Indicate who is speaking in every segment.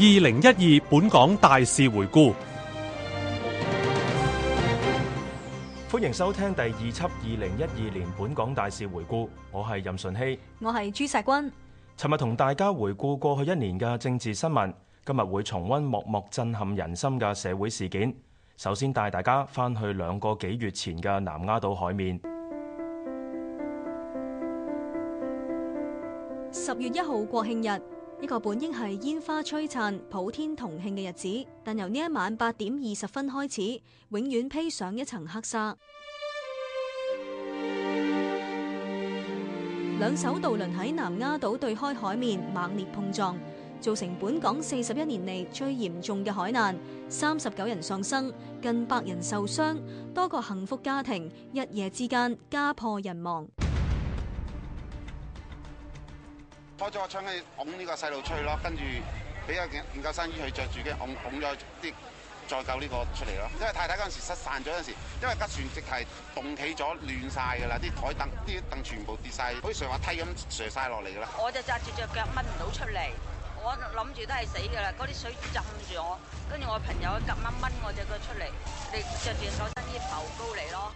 Speaker 1: 二零一二本港大事回顧，歡迎收聽第二輯二零一二年本港大事回顧。我係任順希，
Speaker 2: 我係朱石君。
Speaker 1: 尋日同大家回顧過去一年嘅政治新聞，今日會重溫幕幕震撼人心嘅社會事件。首先帶大家返去兩個幾月前嘅南丫島海面，
Speaker 2: 十月一號國慶日。一個本應係煙花璀璨、普天同慶嘅日子，但由呢一晚八點二十分開始，永遠披上一層黑紗。兩艘渡輪喺南丫島對開海面猛烈碰撞，造成本港四十一年嚟最嚴重嘅海難，三十九人喪生，近百人受傷，多個幸福家庭一夜之間家破人亡。
Speaker 3: 開咗個窗，跟住㧬呢個細路出去咯，跟住畀咗件救生衣去着住，跟
Speaker 1: 住㧬咗啲再救呢個出嚟咯。因為太太嗰陣時失散咗嗰陣時，因為架船直係凍起咗，亂晒噶啦，啲台凳啲凳全部跌晒，好似上滑梯咁斜晒落嚟
Speaker 2: 噶啦。我就扎住隻腳，掹唔到出嚟，我諗住都係死噶啦，嗰啲水浸住我，跟住我朋友夾掹掹我隻腳出嚟，你着住個身衣浮高嚟咯。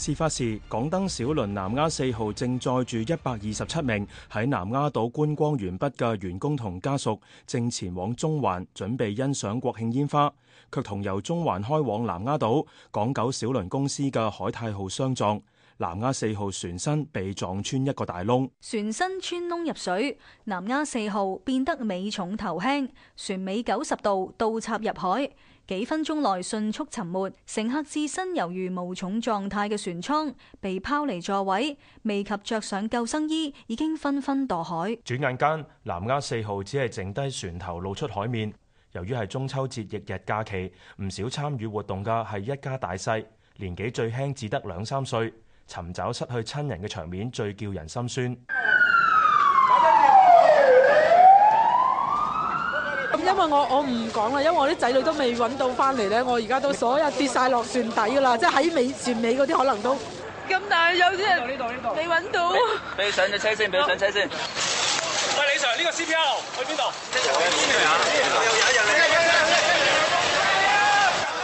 Speaker 1: 事發時，港燈小輪南丫四號正載住一百二十七名喺南丫島觀光完畢嘅員工同家屬，正前往中環準備欣賞國慶煙花，卻同由中環開往南丫島港九小輪公司嘅海泰號相撞。南丫四號船身被撞穿一個大窿，
Speaker 2: 船身穿窿入水，南丫四號變得尾重頭輕，船尾九十度倒插入海。幾分鐘內迅速沉沒，乘客置身猶如無重狀態嘅船艙，被拋離座位，未及着上救生衣，已經紛紛墮海。
Speaker 1: 轉眼間，南丫四號只係剩低船頭露出海面。由於係中秋節翌日假期，唔少參與活動嘅係一家大細，年紀最輕只得兩三歲，尋找失去親人嘅場面最叫人心酸。
Speaker 2: 因為我我唔講啦，因為我啲仔女都未揾到翻嚟咧，我而家都所有跌晒落船底噶啦，即係喺尾船尾嗰啲可能都咁。但係有啲人嚟呢度，呢度未揾到。俾你上咗車先，俾你上車先。
Speaker 1: 喂，李 Sir，呢個 CPL 去邊
Speaker 2: 度？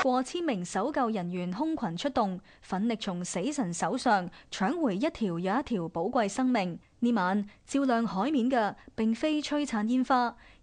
Speaker 2: 過千名搜救人員空群出動，奮力從死神手上搶回一條又一條寶貴生命。呢晚照亮海面嘅，並非璀璨煙花。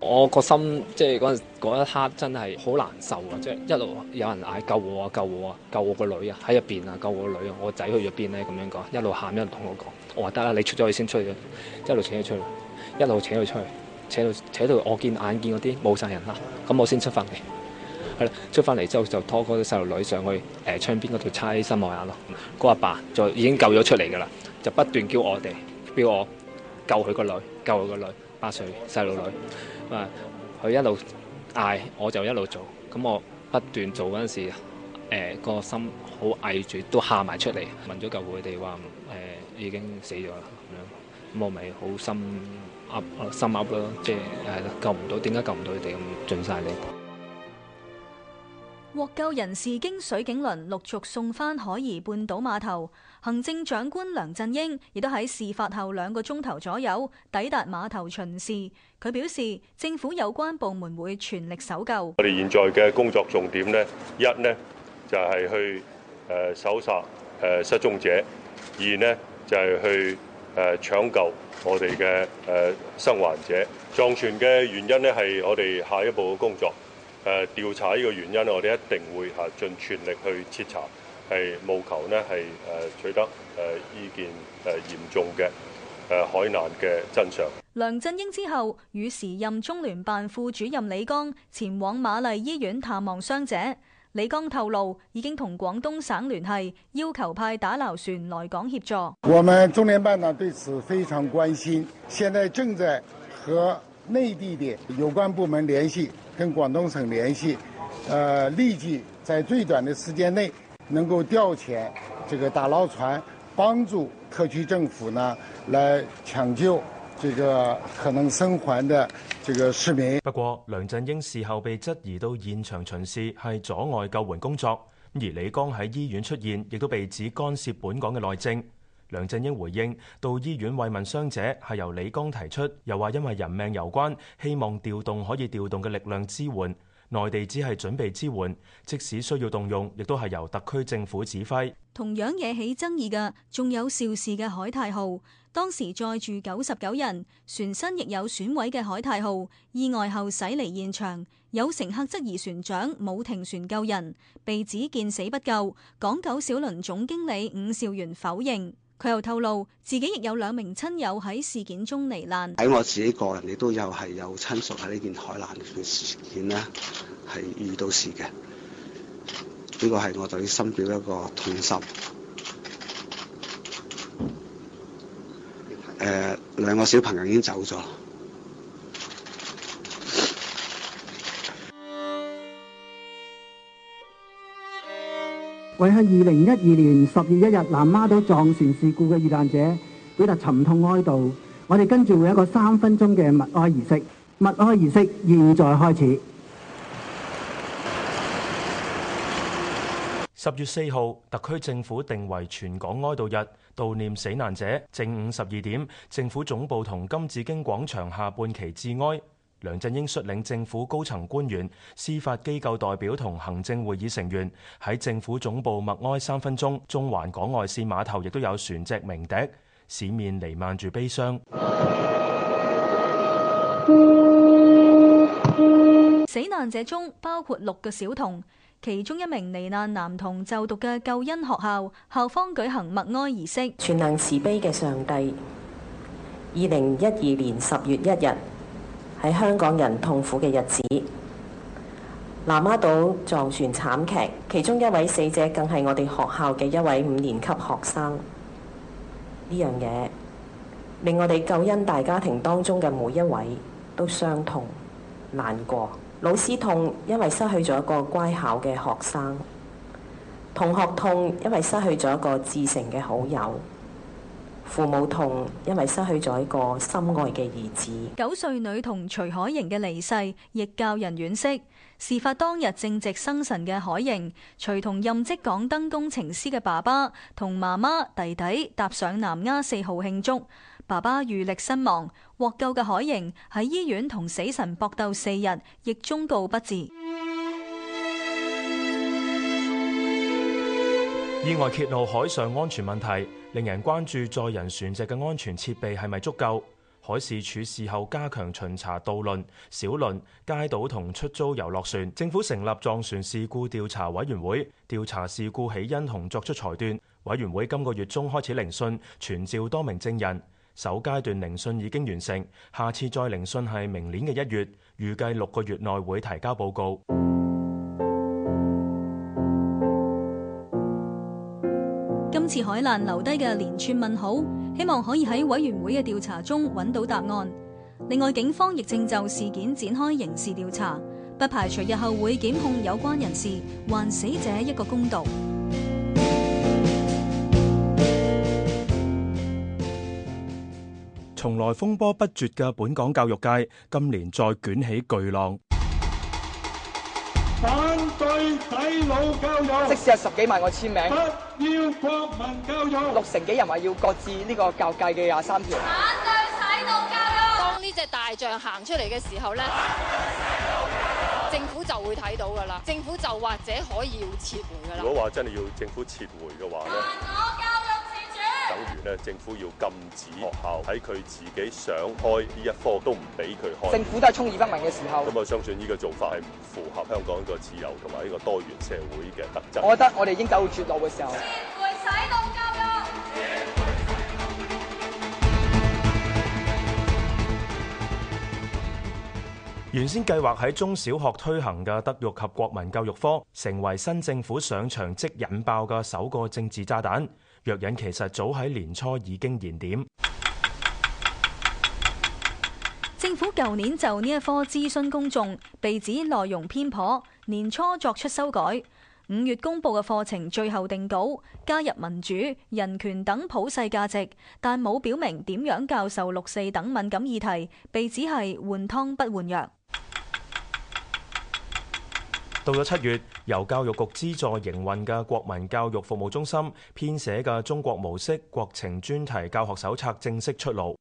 Speaker 1: 我個心即係嗰陣嗰一刻真係好難受啊！即係一路有人嗌救我啊救我啊救我個女啊喺入邊啊救我個女啊我仔去入邊咧咁樣講，一路喊一路同我講，我話得啦你出咗去先出去，一路請佢出去，一路請佢出去，請到請到我見,我見眼見嗰啲冇晒人啦，咁我先出翻嚟。係啦，出翻嚟之後就拖嗰啲細路女上去誒窗邊嗰度猜心望眼咯。嗰阿爸就已經救咗出嚟噶啦，就不斷叫我哋，叫我救佢個女，救佢個女八歲細路女。佢一路嗌，我就一路做。咁我不斷做嗰陣時，誒、呃那個心好翳住，都喊埋出嚟問咗救護，佢哋話誒已經死咗啦咁樣。咁我咪好心噏心噏咯，即係係咯救唔到，點解救唔到佢哋咁盡晒力。
Speaker 2: 獲救人士經水警輪陸續送翻海怡半島碼頭。行政長官梁振英亦都喺事發後兩個鐘頭左右抵達碼頭巡視。佢表示，政府有關部門會全力搜救。
Speaker 3: 我哋現在嘅工作重點咧，一咧就係、是、去誒搜查誒失蹤者；二咧就係、是、去誒搶救我哋嘅誒生還者。撞船嘅原因咧，係我哋下一步嘅工作。誒調查呢個原因，我哋一定會吓盡全力去徹查，係務求咧係誒取得誒呢件誒嚴重嘅誒海難嘅真相。
Speaker 2: 梁振英之後，與時任中聯辦副主任李剛前往瑪麗醫院探望傷者。李剛透露，已經同廣東省聯繫，要求派打撈船來港協助。我們
Speaker 3: 中聯辦呢對此非常關心，現在正在和內地的
Speaker 1: 有關部門聯繫，跟廣東省聯繫，呃，立即在最短的時間內能夠調遣這個打撈船，幫助特區政府呢來搶救。這個可能生還的這個市民。不過，梁振英事後被質疑到現場巡視係阻礙救援工作，而李剛喺醫院出現亦都被指干涉本港嘅內政。梁振英回應，到醫院慰問傷者係由李剛提出，又話因為人命攸關，希望調動可以調動嘅力量支援。內地只係準備支援，即使需要動用，亦都係由特區政府指揮。
Speaker 2: 同樣惹起爭議嘅，仲有肇事嘅海泰號。當時載住九十九人，船身亦有損毀嘅海泰號，意外後駛離現場，有乘客質疑船長冇停船救人，被指見死不救。港九小輪總經理伍兆元否認。佢又透露自己亦有兩名親友喺事件中罹難，
Speaker 1: 喺我自己個人亦都有係有親屬喺呢件海難嘅事件呢係遇到事嘅，呢個係我就要深表一個痛心。
Speaker 2: 誒，兩個小朋友已經走咗。
Speaker 3: 為喺二零一二年十月一日南丫島撞船事故嘅遇難者表達沉痛哀悼，我哋跟住會有一個三分鐘嘅默哀儀式。默哀儀式現在開始。
Speaker 1: 十月四號，特區政府定為全港哀悼日，悼念死難者。正午十二點，政府總部同金紫荊廣場下半旗致哀。梁振英率領政府高層官員、司法機構代表同行政會議成員喺政府總部默哀三分鐘，中環港外線碼頭亦都有船隻鳴笛，市面彌漫住悲傷。
Speaker 2: 死難者中包括六個小童，其中一名罹難男童就讀嘅救恩學校，校方舉行默哀儀式。全能慈悲嘅上帝，二零一二年十月一日。喺香港人痛苦嘅日子，南丫島撞船慘劇，其中一位死者更係我哋學校嘅一位五年級學生。呢樣嘢令我哋救恩大家庭當中嘅每一位都傷痛難過。老師痛，因為失去咗一個乖巧嘅學生；同學痛，因為失去咗一個至誠嘅好友。父母痛，因為失去咗一個心愛嘅兒子。九歲女童徐海瑩嘅離世，亦教人惋惜。事發當日正值生辰嘅海瑩，隨同任職港燈工程師嘅爸爸同媽媽弟弟踏上南丫四號慶祝。爸爸遇溺身亡，獲救嘅海瑩喺醫院同死神搏鬥四日，亦終告不治。
Speaker 1: 意外揭露海上安全問題，令人關注載人船隻嘅安全設備係咪足夠？海事處事後加強巡查渡輪、小輪、街渡同出租遊樂船。政府成立撞船事故調查委員會，調查事故起因同作出裁斷。委員會今個月中開始聆訊，傳召多名證人。首階段聆訊已經完成，下次再聆訊係明年嘅一月，預計六個月內會提交報告。
Speaker 2: 次海難留低嘅連串問號，希望可以喺委員會嘅調查中揾到答案。另外，警方亦正就事件展開刑事調查，不排除日後會檢控有關人士，還死者一個公道。
Speaker 1: 從來風波不絕嘅本港教育界，今年再捲起巨浪。
Speaker 3: 反對洗腦教
Speaker 1: 育。即使係十幾萬個簽名，不要國民教育。六成幾人話要擱置呢個
Speaker 3: 教界嘅廿三條。
Speaker 2: 反對洗腦教育。當呢隻大象行出嚟嘅時候咧、
Speaker 1: 哎，政府就會睇到噶啦，政府就或者可以要撤回噶啦。
Speaker 2: 如果
Speaker 3: 話真係要政府撤回嘅話咧。等於咧，政府要禁止學校喺佢自己想開呢一科，都唔俾佢開。政府都係充耳不聞嘅時候。咁我相信呢個做法係唔符合香港呢個自由同埋呢個多元社會嘅特質。我覺得我哋已經走到絕路嘅時候。
Speaker 2: 撤回洗腦教，教，教育。
Speaker 1: 原先計劃喺中小學推行嘅德育及國民教育科，成為新政府上場即引爆嘅首個政治炸彈。藥引其實早喺年初已經燃點。
Speaker 2: 政府舊年就呢一科諮詢公眾，被指內容偏頗，年初作出修改。五月公布嘅課程最後定稿，加入民主、人權等普世價值，但冇表明點樣教授六四等敏感議題，被指係換湯不換藥。
Speaker 1: 到咗七月，由教育局資助營運嘅國民教育服務中心編寫嘅中國模式國情專題教學手冊正式出爐。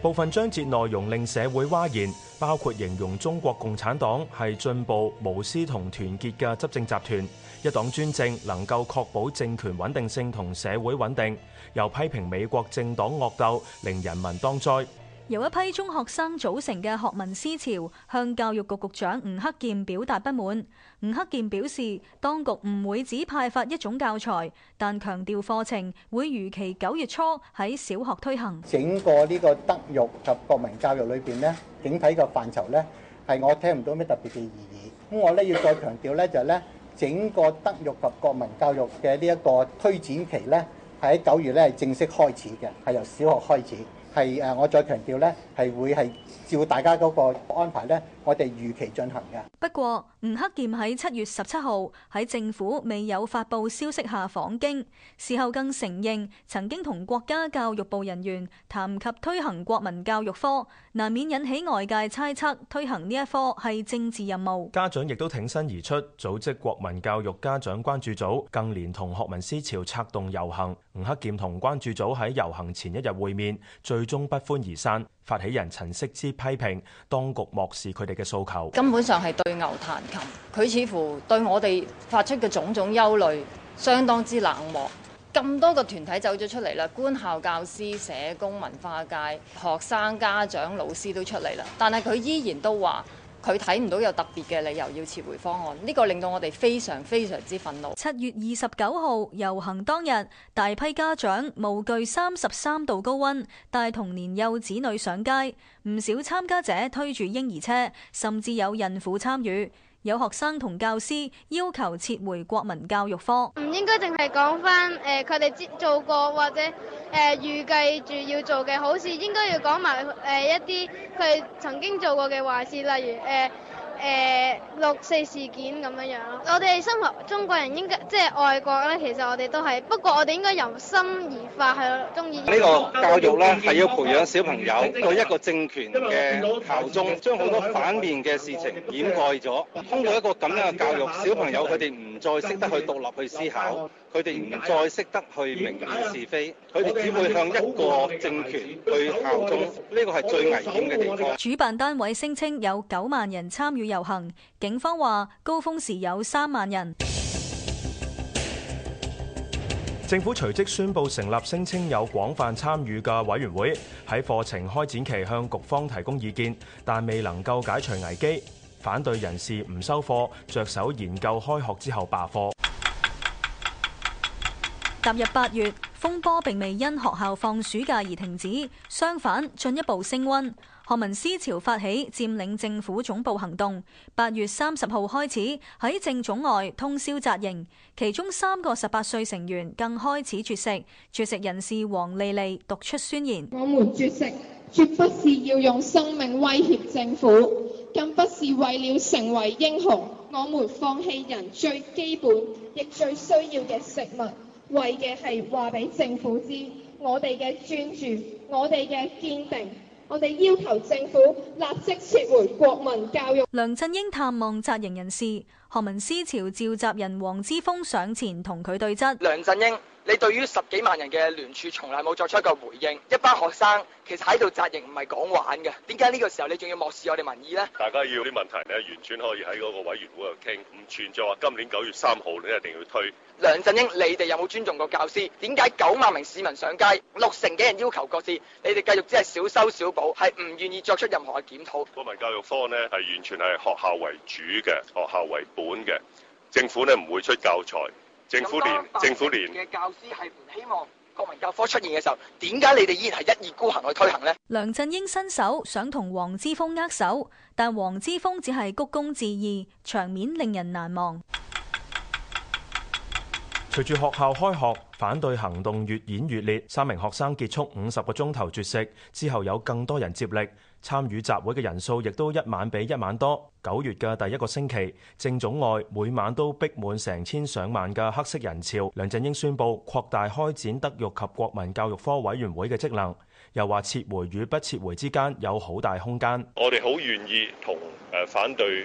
Speaker 1: 部分章節內容令社會嘩然，包括形容中國共產黨係進步、無私同團結嘅執政集團，一黨專政能夠確保政權穩定性同社會穩定，又批評美國政黨惡鬥，令人民當災。
Speaker 2: 由一批中學生組成嘅學民思潮向教育局局長吳克儉表達不滿。吳克儉表示，當局唔會只派發一種教材，但強調課程會如期九月初喺小學推行。
Speaker 3: 整個呢個德育及國民教育裏邊呢，整體嘅範疇呢，係我聽唔到咩特別嘅意義。咁我咧要再強調呢，就係呢，整個德育及國民教育嘅呢一個推展期呢，係喺九月咧係正式開始嘅，係由小學開始。係誒，我再強調咧，係會係照大家嗰個安排咧。我哋如期進行嘅。
Speaker 2: 不過，吳克儉喺七月十七號喺政府未有發佈消息下訪京，事後更承認曾經同國家教育部人員談及推行國民教育科，難免引起外界猜測推行呢一科係政治任務。
Speaker 1: 家長亦都挺身而出，組織國民教育家長關注組，更連同學民思潮策動遊行。吳克儉同關注組喺遊行前一日會面，最終不歡而散。發起人陳惜姿批評當局漠視佢哋嘅訴求，根本上係對牛彈琴。佢似乎對我哋發出嘅種種憂慮相當之冷漠。咁多個團體走咗出嚟啦，官校教師、社工、文化界、學
Speaker 2: 生、家長、老師都出嚟啦，但係佢依然都話。佢睇唔到有特別嘅理由要撤回方案，呢個令到我哋非常非常之憤怒。七月二十九號遊行當日，大批家長無懼三十三度高溫，帶同年幼子女上街，唔少參加者推住嬰兒車，甚至有孕婦參與。有學生同教師要求撤回國民教育科，唔應該淨係講翻誒佢哋之做過或者誒預計住要做嘅好事，應該要講埋誒一啲佢曾經做過嘅壞事，例如誒。誒、呃、六四事件咁樣樣咯，我哋生活中國人應該即係外國咧，其實我哋都係，不過我哋應該由心而發去中意。呢個教育咧係要培
Speaker 1: 養小朋友對一個政權嘅效忠，將好多反面嘅事情掩蓋咗。通過一個咁樣嘅教育，小朋友佢哋唔再識得去獨立去思考。佢哋唔再識得去明辨是非，佢哋只會向一個政權去效忠，呢個係最危險嘅地方。主
Speaker 2: 辦單位聲稱有九萬人參與遊行，警方話高峰時有三萬人。
Speaker 1: 政府隨即宣布成立聲稱有廣泛參與嘅委員會，喺課程開展期向局方提供意見，但未能夠解除危機。反對人士唔收貨，着手研究開學之後罷課。
Speaker 2: 踏入八月，風波並未因學校放暑假而停止，相反進一步升溫。學民思潮發起佔領政府總部行動，八月三十號開始喺政總外通宵紮營，其中三個十八歲成員更開始絕食。絕食人士黃莉莉讀出宣言：我們絕食絕不是要用生命威脅政府，更不是為了成為英雄。我們放棄人最基本亦最需要嘅食物。為嘅係話俾政府知，我哋嘅專注，我哋嘅堅定，我哋要求政府立即撤回國民教育。梁振英探望責任人士，何文思潮召集人黃之鋒上前同佢對質。梁振英。
Speaker 1: 你對於十幾萬人嘅聯署從來冇作出一個回應，一班學生其實喺度紮營唔係講玩嘅，點解呢個時候你仲要漠視我哋民意呢？
Speaker 3: 大家要啲問題呢，完全可以喺嗰個委員會度傾，唔存在話今年九月三號你一定要推。梁振英，你哋有冇尊重過教師？點解九萬名市民上街，六成幾人要求擱置，你哋繼續只係小修
Speaker 1: 小補，係唔願意作出任何嘅檢討？國
Speaker 3: 民教育科呢，咧係完全係學校為主嘅，學校為本嘅，政府呢，唔會出教材。政府連政府連嘅教師係唔希望國民教科出現嘅時候，點解你哋依然係一意孤行去推行呢？
Speaker 2: 梁振英伸手想同黃之鋒握手，但黃之鋒只係鞠躬致意，場面令人難忘。
Speaker 1: 隨住學校開學，反對行動越演越烈，三名學生結束五十個鐘頭絕食之後，有更多人接力。參與集會嘅人數亦都一晚比一晚多。九月嘅第一個星期，政總外每晚都逼滿成千上萬嘅黑色人潮。梁振英宣布擴大開展德育及國民教育科委員會嘅職能，又話撤回與不撤回之間有好大空間。
Speaker 3: 我哋好願意同反對誒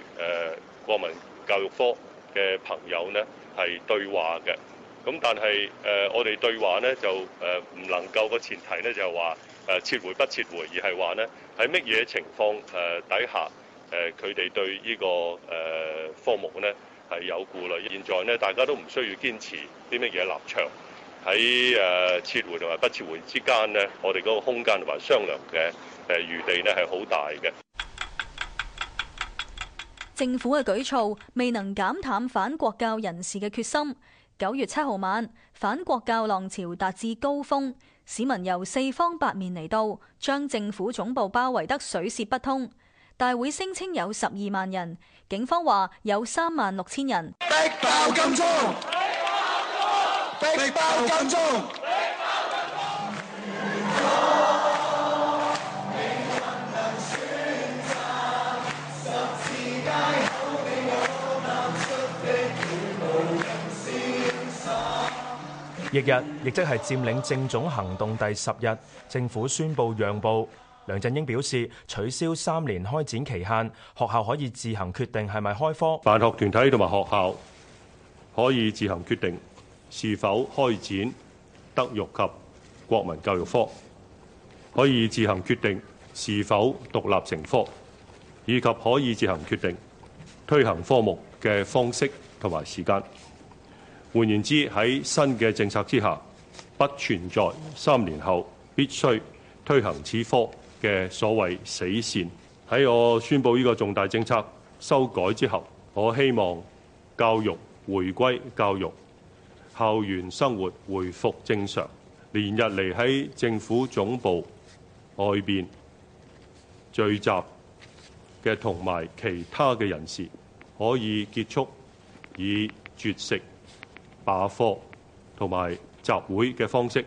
Speaker 3: 國民教育科嘅朋友咧係對話嘅。咁但係我哋對話呢，就唔能夠個前提呢，就係話撤回不撤回，而係話呢。喺乜嘢情況誒底下誒佢哋對呢個誒科目呢係有顧慮？現在咧大家都唔需要堅持啲乜嘢立場，喺誒撤回同埋不撤回之間呢，我哋嗰個空間同埋商量嘅誒餘地呢係好大嘅。
Speaker 2: 政府嘅舉措未能減淡反國教人士嘅決心。九月七號晚，反國教浪潮達至高峰。市民由四方八面嚟到，將政府總部包圍得水泄不通。大會聲稱有十二萬人，警方話有三萬六千人。逼爆金
Speaker 1: 翌日，亦即係佔領政總行動第十日，政府宣布讓步。梁振英表示取消三年開展期限，學校可以自行決定係咪開科。
Speaker 3: 辦學團體同埋學校可以自行決定是否開展德育及國民教育科，可以自行決定是否獨立成科，以及可以自行決定推行科目嘅方式同埋時間。換言之，喺新嘅政策之下，不存在三年後必須推行此科嘅所謂死線。喺我宣布呢個重大政策修改之後，我希望教育回歸教育，校園生活回復正常。連日嚟喺政府總部外面聚集嘅同埋其他嘅人士，可以結束以絕食罷課同埋集會嘅方式。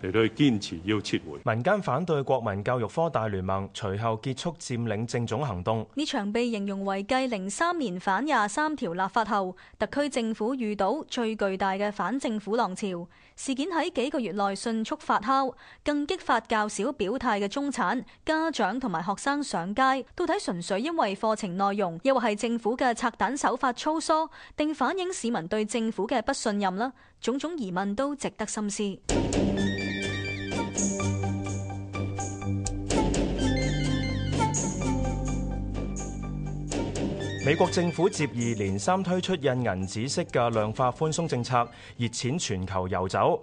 Speaker 3: 你都係堅持要撤回
Speaker 1: 民間反對國民教育科大聯盟，隨後結束佔領政總行動。
Speaker 2: 呢場被形容為繼零三年反廿三條立法後，特區政府遇到最巨大嘅反政府浪潮。事件喺幾個月內迅速發酵，更激發較少表態嘅中產家長同埋學生上街。到底純粹因為課程內容，又或係政府嘅拆彈手法粗疏，定反映市民對政府嘅不信任啦？種種疑問都值得深思。
Speaker 1: 美國政府接二連三推出印銀紙式嘅量化寬鬆政策，熱錢全球遊走。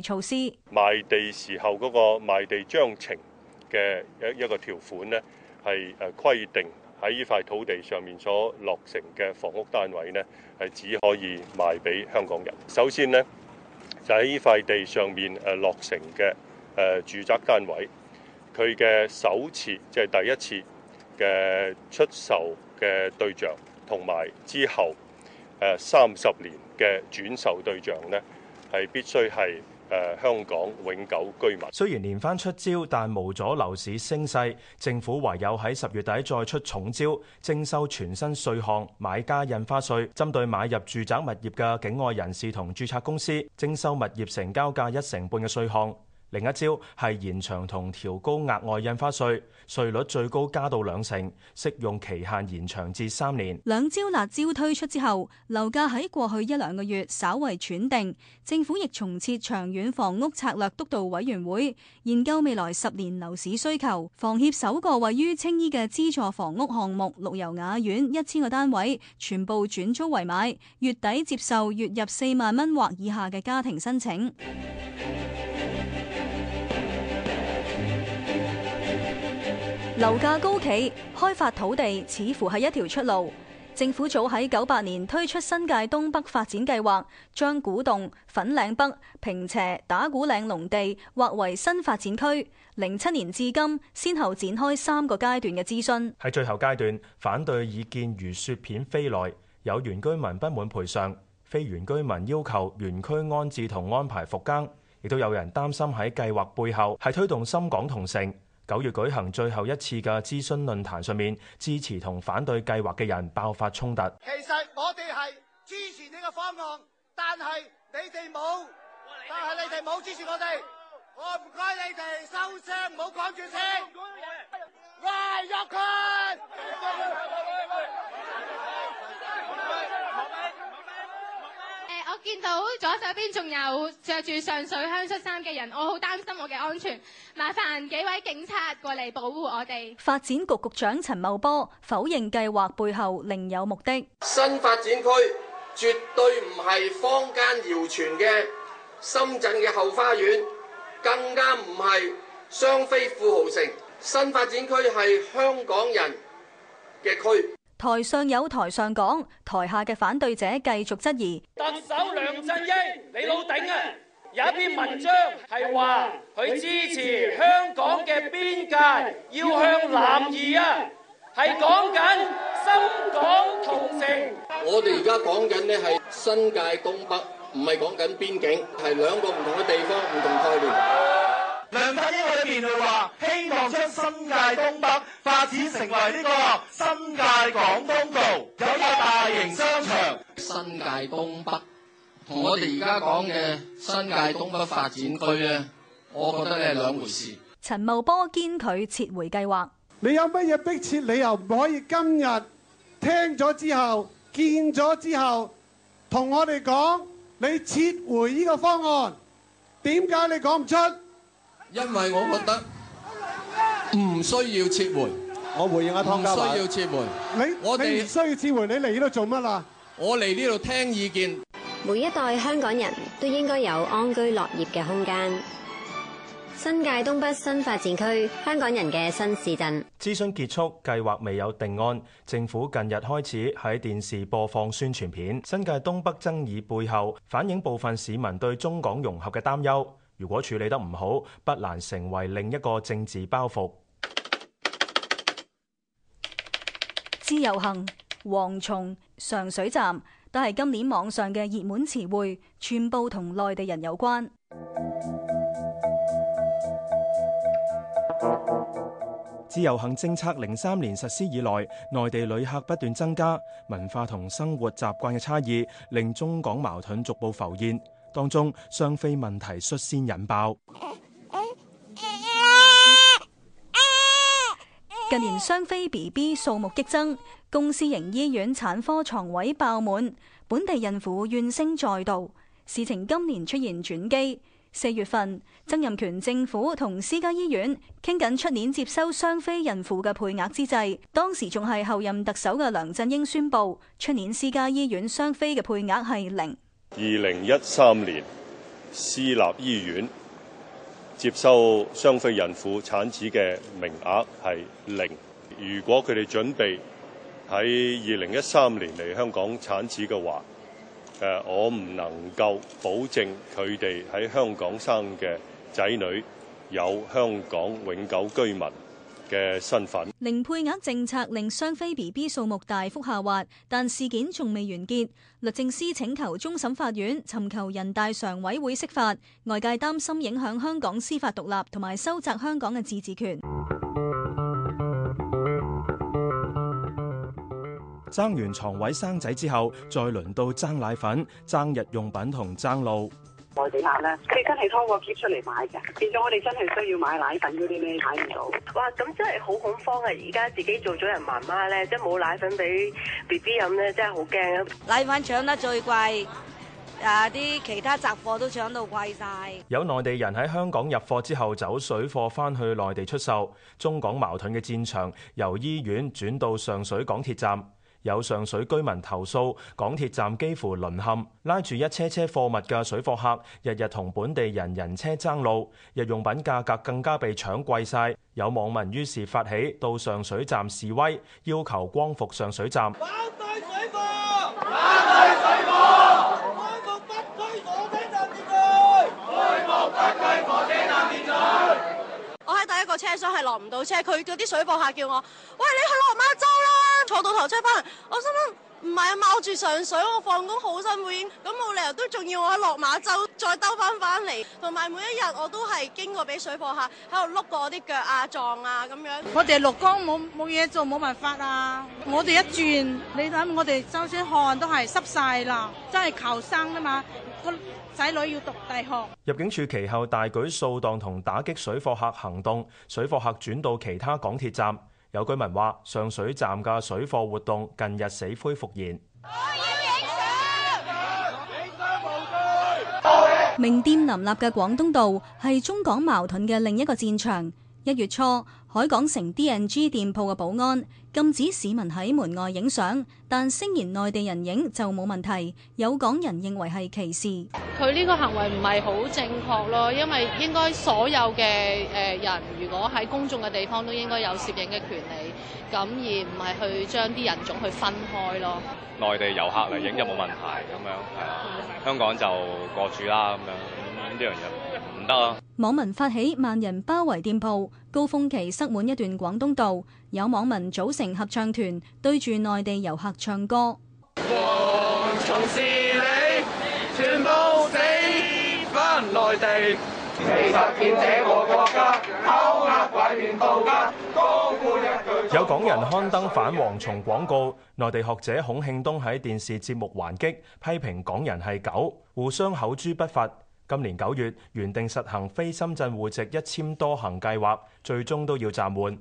Speaker 2: 措施
Speaker 3: 賣地時候嗰個賣地章程嘅，一一個條款呢，係誒規定喺呢塊土地上面所落成嘅房屋單位呢，係只可以賣俾香港人。首先呢，就喺呢塊地上面誒落成嘅誒住宅單位，佢嘅首次即係、就是、第一次嘅出售嘅對象，同埋之後誒三十年嘅轉售對象呢，係必須係。誒香港永久居民。雖
Speaker 1: 然連番出招，但無阻樓市升勢。政府唯有喺十月底再出重招，徵收全新稅項，買家印花稅，針對買入住宅物業嘅境外人士同註冊公司，徵收物業成交價一成半嘅稅項。另一招係延長同調高額外印花稅，稅率最高加到兩成，適用期限延長至三年。
Speaker 2: 兩招辣招推出之後，樓價喺過去一兩個月稍為喘定。政府亦重設長遠房屋策略督導委員會，研究未來十年樓市需求。房協首個位於青衣嘅資助房屋項目綠油雅苑，一千個單位全部轉租為賣，月底接受月入四萬蚊或以下嘅家庭申請。樓價高企，開發土地似乎係一條出路。政府早喺九八年推出新界東北發展計劃，將古洞、粉嶺北、坪輋、打鼓嶺農地劃為新發展區。零七年至今，先後展開三個階段嘅諮詢。
Speaker 1: 喺最後階段，反對意見如雪片飛來，有原居民不滿賠償，非原居民要求原區安置同安排復耕，亦都有人擔心喺計劃背後係推動深港同城。九月舉行最後一次嘅諮詢論壇上面，支持同反對計劃嘅人爆發衝突。其實我哋係支持呢個方案，但係你哋冇，但係你哋冇支持我哋，我唔該你哋收聲，唔好講住先。喂，郁佢。
Speaker 2: 我見到左手邊仲有着住上水鄉紳衫嘅人，我好擔心我嘅安全，麻煩幾位警察過嚟保護我哋。發展局局長陳茂波否認計劃背後另有目的。新
Speaker 1: 發展區絕對唔係坊間謠傳嘅深圳嘅後花園，更加唔係雙非富豪城。新發展區係香港人嘅區。
Speaker 2: 台上有台上講，台下嘅反對者繼續質疑。
Speaker 1: 特首梁振英，你老頂啊！有一篇文章係話佢支持香港嘅邊界要向南移啊，係講緊深港同城。我哋而家講緊呢係新界東北，唔係講緊邊境，係兩個唔同
Speaker 2: 嘅地方，唔同概念。梁振
Speaker 1: 英裡面佢話，希望將新界東北發展成為呢個新界廣東道，有一個大型商場。新界東北同我哋而家講嘅新界東
Speaker 2: 北發展區咧，我覺得咧係兩回事。陳茂波堅拒撤回計劃，
Speaker 3: 你有乜嘢逼切理由唔可以今日聽咗之後，見咗之後，同我哋講你撤回呢個方案，點解你講唔出？因為我覺得唔需要撤回，我回應阿湯嘉文。唔需要撤回，你我哋唔需要撤回，你嚟呢度做乜啊？我嚟呢度聽意見。
Speaker 2: 每一代香港人都應該有安居樂業嘅空間。新界東北新發展區，香港人嘅新市
Speaker 1: 鎮。諮詢結束，計劃未有定案。政府近日開始喺電視播放宣傳片。新界東北爭議背後，反映部分市民對中港融合嘅擔憂。如果處理得唔好，不難成為另一個政治包袱。
Speaker 2: 自由行、蝗蟲、上水站都係今年網上嘅熱門詞彙，全部同內地人有關。
Speaker 1: 自由行政策零三年實施以來，內地旅客不斷增加，文化同生活習慣嘅差異，令中港矛盾逐步浮現。當中雙非問題率先引爆。
Speaker 2: 近年雙非 B B 數目激增，公私營醫院產科床位爆滿，本地孕婦怨聲載道。事情今年出現轉機。四月份，曾蔭權政府同私家醫院傾緊出年接收雙非孕婦嘅配額之際，當時仲係候任特首嘅梁振英宣佈，出年私家醫院雙非嘅配額係零。
Speaker 3: 二零一三年，私立醫院接收雙非孕婦產子嘅名額係零。如果佢哋準備喺二零一三年嚟香港產子嘅話，誒，我唔能夠保證佢哋喺香港生嘅仔女有香港永久居民，嘅身份，
Speaker 2: 零配額政策令雙非 BB 數目大幅下滑，但事件仲未完結，律政司請求終審法院尋求人大常委會釋法，外界擔心影響香港司法獨立同埋收窄香港嘅自治權，
Speaker 1: 爭完床位生仔之後，再輪到爭奶粉、爭日用品同爭路。
Speaker 3: 內地客咧，佢真係拖個篋出嚟買嘅。變咗我哋真係需要買奶粉嗰啲咧，買唔到。哇，咁真係
Speaker 1: 好恐慌啊！而家自己做咗人媽媽咧，即係冇奶粉俾 B B 飲咧，真係好驚
Speaker 2: 啊！奶粉搶得最貴，啊啲其他雜貨都搶到貴晒。
Speaker 1: 有內地人喺香港入貨之後走水貨翻去內地出售，中港矛盾嘅戰場由醫院轉到上水港鐵站。有上水居民投訴港鐵站幾乎淪陷，拉住一車車貨物嘅水貨客，日日同本地人人車爭路，日用品價格更加被搶貴晒。有網民於是發起到上水站示威，要求光復上水站。反
Speaker 3: 對水貨，反對水貨，光復北區火
Speaker 2: 車站秩序，光復北區火車站秩序。我喺第一個車廂係落唔到車，佢嗰啲水貨客叫我，喂，你去落馬洲啦。坐到頭出翻，我心諗唔係啊！踎住上水，我放工好辛苦，咁冇理由都仲要我落馬洲再兜翻翻嚟。同埋每一日我都係經過俾水貨客喺度碌過我啲腳啊、撞啊咁樣。我哋落工冇冇嘢做，冇辦法啊！我哋一轉，你諗我哋就算汗
Speaker 1: 都係濕晒啦，真係求生啊嘛！個仔女要讀大學。入境處其後大舉掃蕩同打擊水貨客行動，水貨客轉到其他港鐵站。有居民話：上水站嘅水貨活動近日死灰復燃。
Speaker 2: 名店林立嘅廣東道係中港矛盾嘅另一個戰場。一月初，海港城 D&G 店鋪嘅保安禁止市民喺門外影相，但聲言內地人影就冇問題。有港人認為係歧視，佢呢個行為唔係好正確咯，因為應該所有嘅誒人，如果喺公眾嘅地方都應該有攝影嘅權利，咁而唔係去將啲人種去分開咯。
Speaker 1: 內地遊客嚟影就冇問題咁樣，係啊，香港就過住啦咁樣呢樣嘢。
Speaker 2: 網民發起萬人包圍店鋪，高峰期塞滿一段廣東道。有網民組成合唱團，對住內地遊客唱歌。
Speaker 1: 有港人刊登反蝗蟲廣告。內地學者孔慶東喺電視節目還擊，批評港人係狗，互相口誅筆伐。今年九月原定實行非深圳戶籍一簽多行計劃，最終都要暫緩。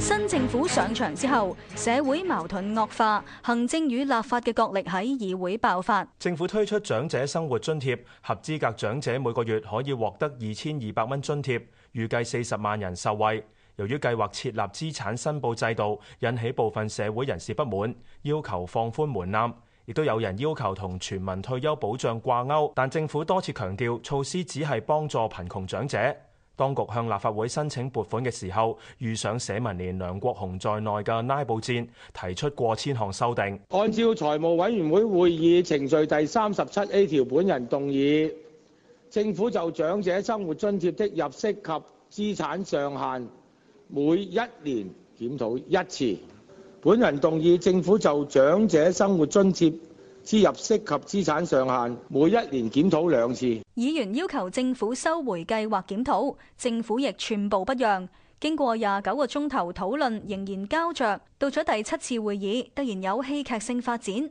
Speaker 2: 新政府上場之後，社會矛盾惡化，行政與立法嘅角力喺議會爆發。
Speaker 1: 政府推出長者生活津貼，合資格長者每個月可以獲得二千二百蚊津貼，預計四十萬人受惠。由於計劃設立資產申報制度，引起部分社會人士不滿，要求放寬門檻，亦都有人要求同全民退休保障掛鈎。但政府多次強調，措施只係幫助貧窮長者。當局向立法會申請撥款嘅時候，遇上社民連梁國雄在內嘅拉布戰，提出過千項修訂。按照財務委員會會議程序第三十七 A 條，本人動議，政府就長者生活津貼的入息及資產上限。每一年檢討一次。本人動議政府就長者生活津貼之入息及資產上限，每一年檢討兩次。
Speaker 2: 議員要求政府收回計劃檢討，政府亦寸步不讓。經過廿九個鐘頭討論，仍然膠着。到咗第七次會議，突然有戲劇性發展。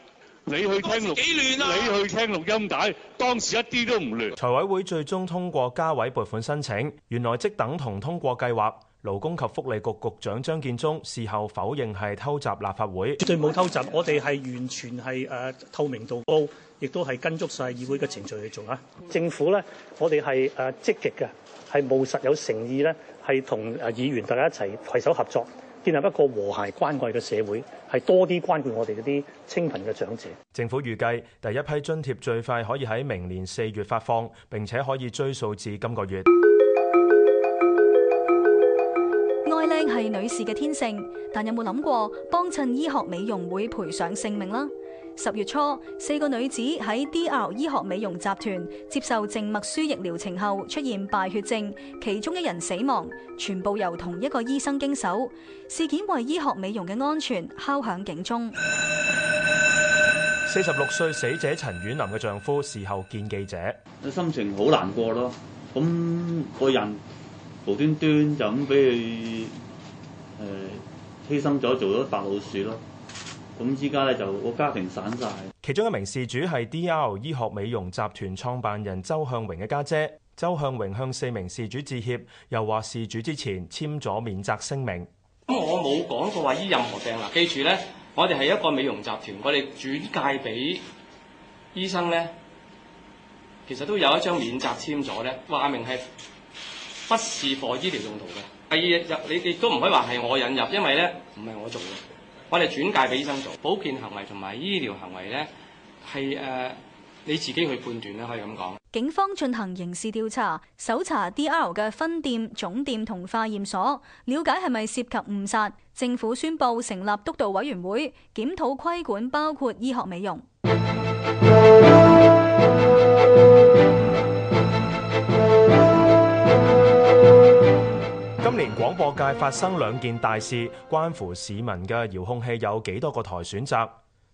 Speaker 3: 你去聽錄、啊、你去聽錄音帶當時一啲都唔亂。財
Speaker 1: 委會最終通過加委撥款申請，原來即等同通過計劃。勞工及福利局局長張建宗事後否認係偷襲立法會，絕對冇偷襲，我哋係完全係透明度高，亦都係跟足晒議會嘅程序去做啊。政府呢，我哋係誒積極嘅，係務實有誠意呢，係同誒議員大家一齊攜手合作。建立一個和諧關愛嘅社會，係多啲關注我哋嗰啲清貧嘅長者。政府預計第一批津貼最快可以喺明年四月發放，並且可以追溯至今個月。
Speaker 2: 愛靚係女士嘅天性，但有冇諗過幫襯醫學美容會賠上性命呢？十月初，四個女子喺 DR 醫學美容集團接受靜脈輸液療程後，出現敗血症，其中一人死亡，全部由同一個醫生經手。事件為醫學美容嘅安全敲響警鐘。
Speaker 1: 四十六歲死者陳婉琳嘅丈夫事後見記者，心情好難過咯。咁、那個人無端端就咁俾佢誒犧牲咗，做咗白老鼠咯。咁依家咧就個家庭散曬。其中一名事主係 DR 醫學美容集團創辦人周向榮嘅家姐，姐。周向榮向四名事主致歉，又話事主之前簽咗免責聲明。咁我冇講過話醫任何病啦。記住呢，我哋係一個美容集團，我哋轉介俾醫生呢。其實都有一張免責簽咗呢，話明係不是做醫療用途嘅。第二日，你你都唔可以話係我引入，因為呢，唔係我做嘅。我哋轉介俾醫生做保健行為同埋醫療行為咧，係誒你自己去判斷啦，可以咁講。
Speaker 2: 警方進行刑事調查，搜查 DR 嘅分店、總店同化驗所，了解係咪涉及誤殺。政府宣布成立督導委員會，檢討規管，包括醫學美容。
Speaker 1: 廣播界發生兩件大事，關乎市民嘅遙控器有幾多個台選擇。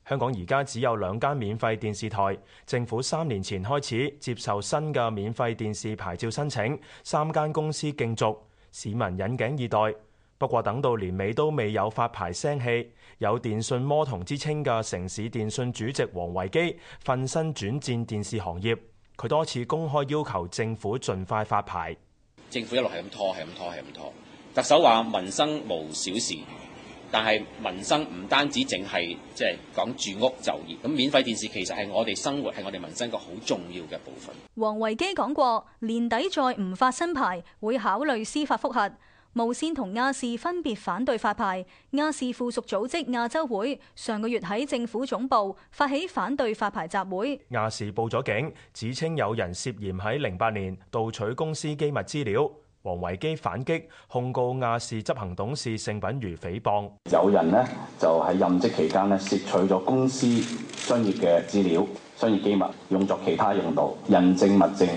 Speaker 1: 香港而家只有兩間免費電視台。政府三年前開始接受新嘅免費電視牌照申請，三間公司競逐，市民引頸以待。不過等到年尾都未有發牌聲氣，有電訊魔童之稱嘅城市電訊主席王維基奮身轉戰電視行業，佢多次公開要求政府盡快發牌。政府一路係咁拖，係咁拖，係咁拖。特首話民生無小事，但係民生唔單止淨係即係講住屋就業。咁免費電視其實係我哋生活係我哋民生個好重要嘅部分。
Speaker 2: 王維基講過，年底再唔發新牌，會考慮司法復核。無線同亞視分別反對發牌，亞視附屬組織亞洲會上個月喺政府總部發起反對發牌集會。
Speaker 1: 亞視報咗警，指稱有人涉嫌喺零八年盜取公司機密資料。王維基反擊控告亞視執行董事盛品儒誹謗，有人呢，就喺任職期間呢，竊取咗公司商業嘅資料、商業機密，用作其他用途，人證物證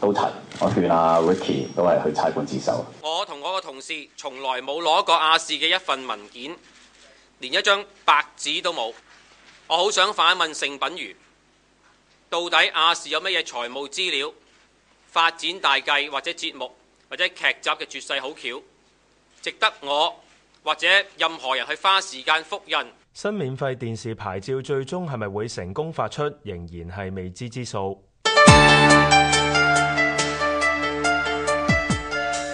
Speaker 1: 都齊。我勸阿、啊、Ricky 都係去差館自首。
Speaker 2: 我同我嘅同事從來
Speaker 1: 冇攞過亞視嘅一份文件，連一張白紙都冇。我好想反問盛品儒，到底亞視有乜嘢財務資料、發展大計或者節目？或者劇集嘅絕世好橋，值得我或者任何人去花時間複印。新免費電視牌照最終係咪會成功發出，仍然係未知之數。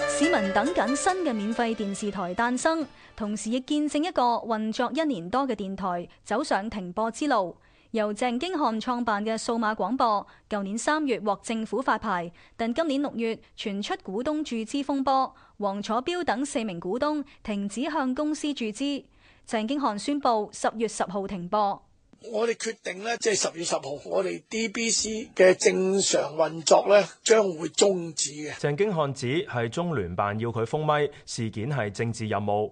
Speaker 2: 市民等緊新嘅免費電視台誕生，同時亦見證一個運作一年多嘅電台走上停播之路。由鄭經翰創辦嘅數碼廣播，舊年三月獲政府發牌，但今年六月傳出股東注資風波，黃楚標等四名股東停止向公司注資，鄭經翰宣布十月十號停播。
Speaker 3: 我哋決定呢即係十月十號，我哋 DBC 嘅正常運作咧，將會終止嘅。
Speaker 1: 鄭經翰指係中聯辦要佢封咪，事件係政治任務。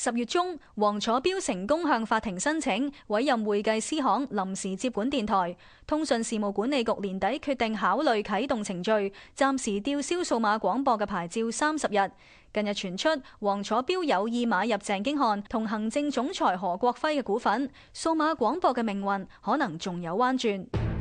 Speaker 2: 十月中，黃楚標成功向法庭申請委任會計師行臨時接管電台。通訊事務管理局年底決定考慮啟動程序，暫時吊銷數碼廣播嘅牌照三十日。近日傳出黃楚標有意買入鄭經翰同行政總裁何國輝嘅股份，數碼廣播嘅命運可能仲有彎轉。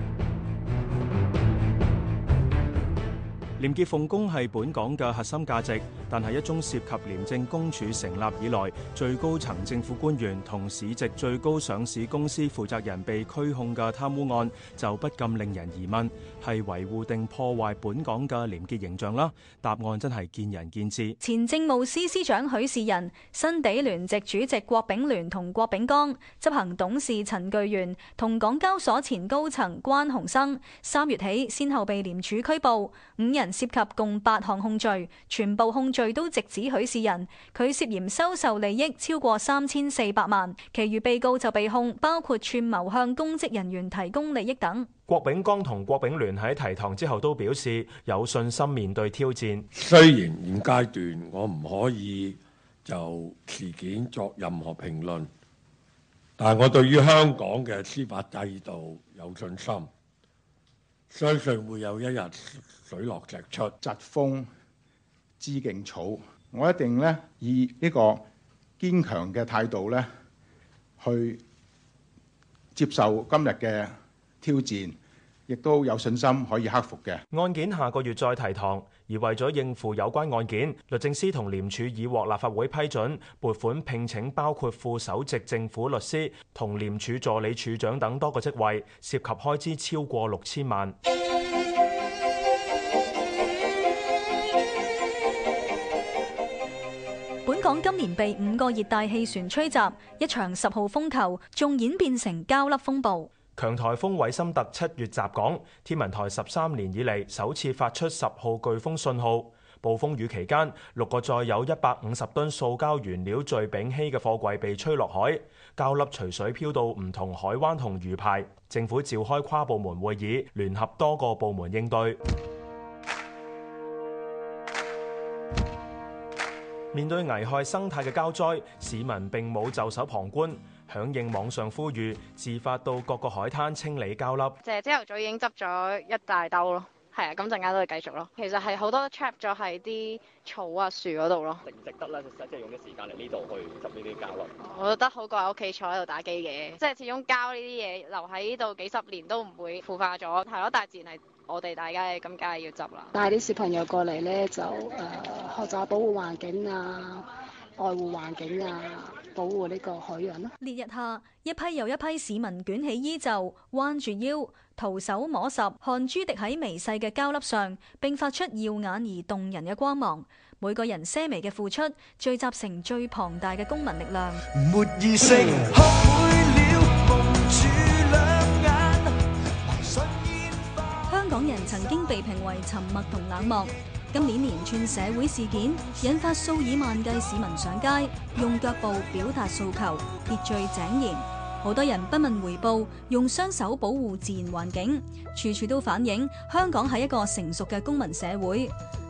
Speaker 1: 廉潔奉公係本港嘅核心價值，但係一宗涉及廉政公署成立以來最高層政府官員同市值最高上市公司負責人被拘控嘅貪污案，就不禁令人疑問：係維護定破壞本港嘅廉潔形象啦？答案真係見仁見智。
Speaker 2: 前政務司司長許仕仁、新地聯席主席郭炳聯同郭炳江、執行董事陳巨源同港交所前高層關洪生，三月起先後被廉署拘捕，五人，涉及共八項控罪，全部控罪都直指許仕仁。佢涉嫌收受利益超過三千四百萬，其餘被告就被控包括串謀向公職人員提供利益等。
Speaker 1: 郭炳剛同郭炳聯喺提堂之後都表示有信心面對挑戰。雖然現
Speaker 3: 階段我唔可以就事件作任何評論，但我對於香港嘅司法制度有信心，相信會有一日水落石出，疾風知勁草。我一定呢以呢個堅強嘅態度呢
Speaker 1: 去接受今日嘅挑戰，亦都有信心可以克服嘅。案件下個月再提堂，而為咗應付有關案件，律政司同廉署已獲立法會批准撥款聘請包括副首席政府律師同廉署助理處長等多個職位，涉及開支超過六千萬。
Speaker 2: 港今年被五個熱帶氣旋吹襲，一場十號風球仲演變成膠粒風暴。
Speaker 1: 強颱風韋森特七月襲港，天文台十三年以嚟首次發出十號巨風信號。暴風雨期間，六個載有一百五十噸塑膠原料聚丙烯嘅貨櫃被吹落海，膠粒隨水漂到唔同海灣同魚排。政府召開跨部門會議，聯合多個部門應對。面對危害生態嘅膠災，市民並冇袖手旁觀，響應網上呼籲，自發到各個海灘清理膠粒。即係朝頭早已經執咗一大兜咯，係啊，咁陣間都繼續咯。其實係好多都 trap 咗喺啲草啊樹嗰度咯。值唔值得咧？即係用嘅時間嚟呢度去執呢啲膠粒，我覺得好過喺屋企坐喺度打機嘅。即係始終膠呢啲嘢留喺呢度幾十年都唔會腐化咗，係咯，大自然係。我哋大家嘅咁，梗係要執啦。帶啲小朋友過嚟呢，就誒、呃、
Speaker 2: 學習保護環境啊，愛護環境啊，保護呢個海洋啦。烈日下，一批又一批市民捲起衣袖，彎住腰，徒手摸拾，汗珠滴喺微細嘅膠粒上，並發出耀眼而動人嘅光芒。每個人些微嘅付出，聚集成最龐大嘅公民力量。
Speaker 3: 沒
Speaker 2: 曾經被評為沉默同冷漠，今年連串社會事件引發數以萬計市民上街，用腳步表達訴求，秩序井然。好多人不問回報，用雙手保護自然環境，處處都反映香港係一個成熟嘅公民社會。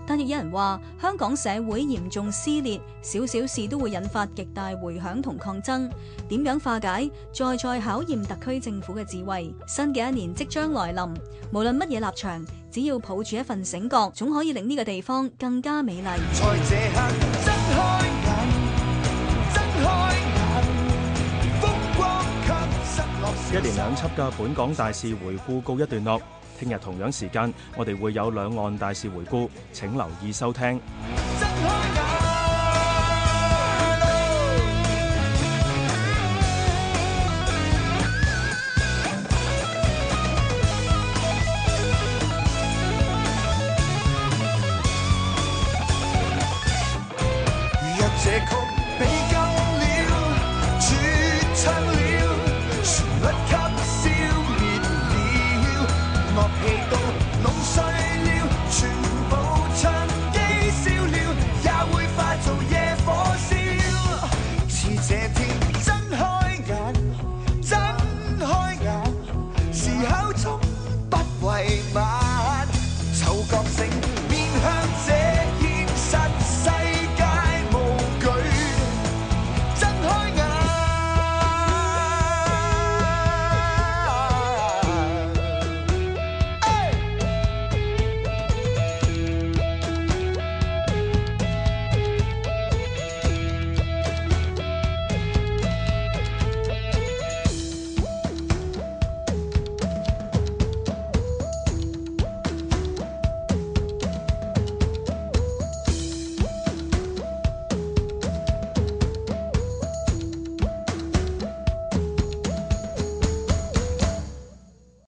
Speaker 2: 但亦有人話，香港社會嚴重撕裂，少少事都會引發極大回響同抗爭。點樣化解？再再考驗特區政府嘅智慧。新嘅一年即將來臨，無論乜嘢立場，只要抱住一份醒覺，總可以令呢個地方更加美麗。一年兩輯
Speaker 1: 嘅本港大事回顧告一段落。聽日同樣時間，我哋會有兩岸大事回顧，請留意收聽。